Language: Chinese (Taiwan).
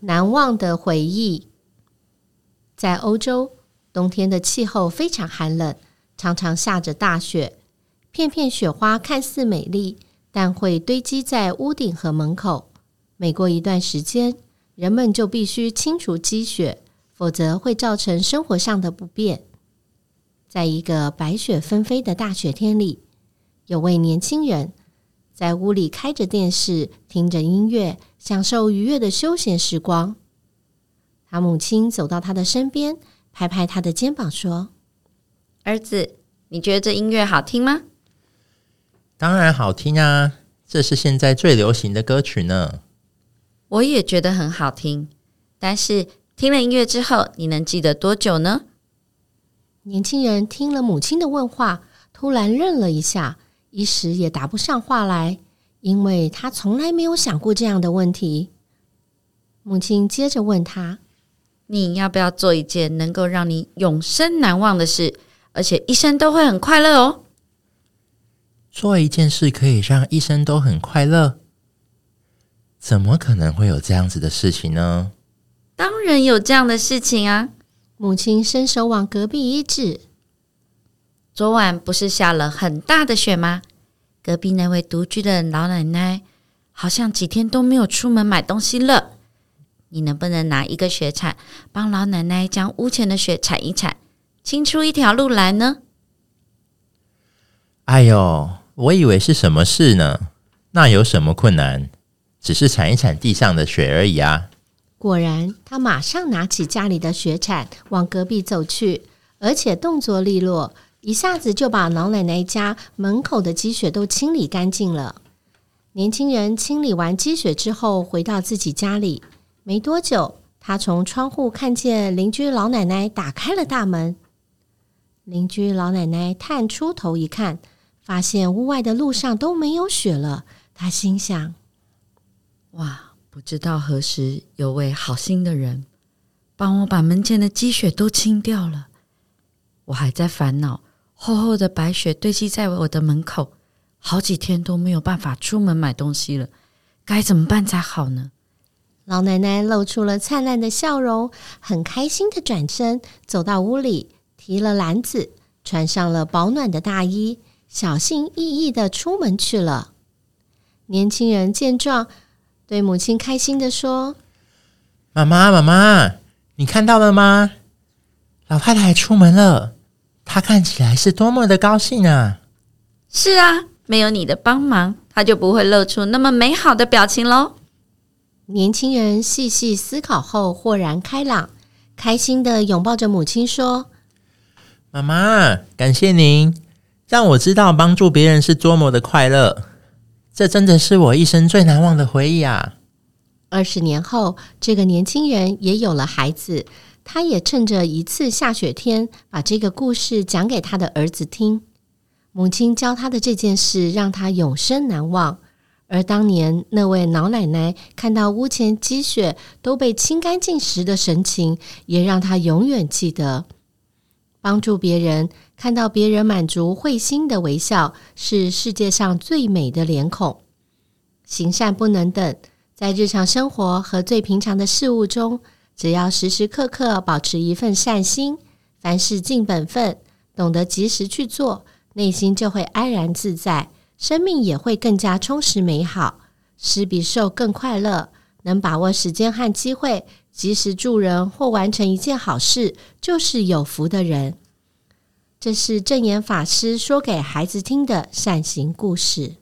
難忘的回憶。在歐洲，冬天的氣候非常寒冷，常常下着大雪。片片雪花看似美麗，但會堆積在屋頂和門口。每過一段時間，人們就必須清除積雪，否則會造成生活上的不便。在一個白雪紛飛的大雪天裡，有位年輕人。在屋裡開着電視，聽着音樂，享受愉悅的休閒時光。他母親走到他的身邊，拍拍他的肩膀說：“兒子，你覺得這音樂好聽嗎？”“當然好聽啊，這是現在最流行的歌曲呢。”“我也覺得很好聽，但是聽了音樂之後，你能記得多久呢？”年輕人聽了母親的問話，突然愣了一下。一時也答不上話來，因為他從來沒有想過這樣的問題。母親接着問他：“你要不要做一件能夠讓你永生難忘的事，而且一生都會很快樂哦？”做一件事可以讓一生都很快樂？怎麼可能會有這樣子的事情呢？當然有這樣的事情啊！母親伸手往隔壁一指。昨晚不是下了很大的雪嗎？隔壁那位獨居的老奶奶好像幾天都沒有出門買東西了。你能不能拿一個雪鏟，幫老奶奶將屋前的雪鏟一鏟，清出一條路來呢？哎呦，我以為是什麼事呢？那有什麼困難？只是鏟一鏟地上的雪而已啊！果然，她馬上拿起家裡的雪鏟往隔壁走去，而且動作利落。一下子就把老奶奶家門口的積雪都清理乾淨了。年輕人清理完積雪之後，回到自己家裡。沒多久，他從窗戶看見鄰居老奶奶打開了大門。鄰居老奶奶探出頭一看，發現屋外的路上都沒有雪了。她心想：“哇，不知道何時有位好心的人幫我把門前的積雪都清掉了。我還在煩惱。”厚厚的白雪堆積在我的門口，好幾天都沒有辦法出門買東西了，該怎麼辦才好呢？老奶奶露出了燦爛的笑容，很開心的轉身走到屋裡，提了籃子，穿上了保暖的大衣，小心翼翼的出門去了。年輕人見狀，對母親開心的說：“媽媽，媽媽，你看到了嗎？老太太出門了。”他看起來是多麼的高興啊！是啊，沒有你的幫忙，他就不會露出那麼美好的表情嘍。年輕人細細思考後，豁然開朗，開心地擁抱着母親說：“媽媽，感謝您讓我知道幫助別人是多麼的快樂，這真的是我一生最難忘的回憶啊！”二十年後，這個年輕人也有了孩子。他也趁着一次下雪天，把這個故事講給他的兒子聽。母親教他的這件事，讓他永生難忘。而當年那位老奶奶看到屋前積雪都被清乾淨時的神情，也讓他永遠記得。幫助別人，看到別人滿足、會心的微笑，是世界上最美的臉孔。行善不能等，在日常生活和最平常的事物中。只要時時刻刻保持一份善心，凡事盡本分，懂得及時去做，內心就會安然自在，生命也會更加充實美好，施比受更快樂。能把握時間和機會，及時助人或完成一件好事，就是有福的人。這是證嚴法師說給孩子聽的善行故事。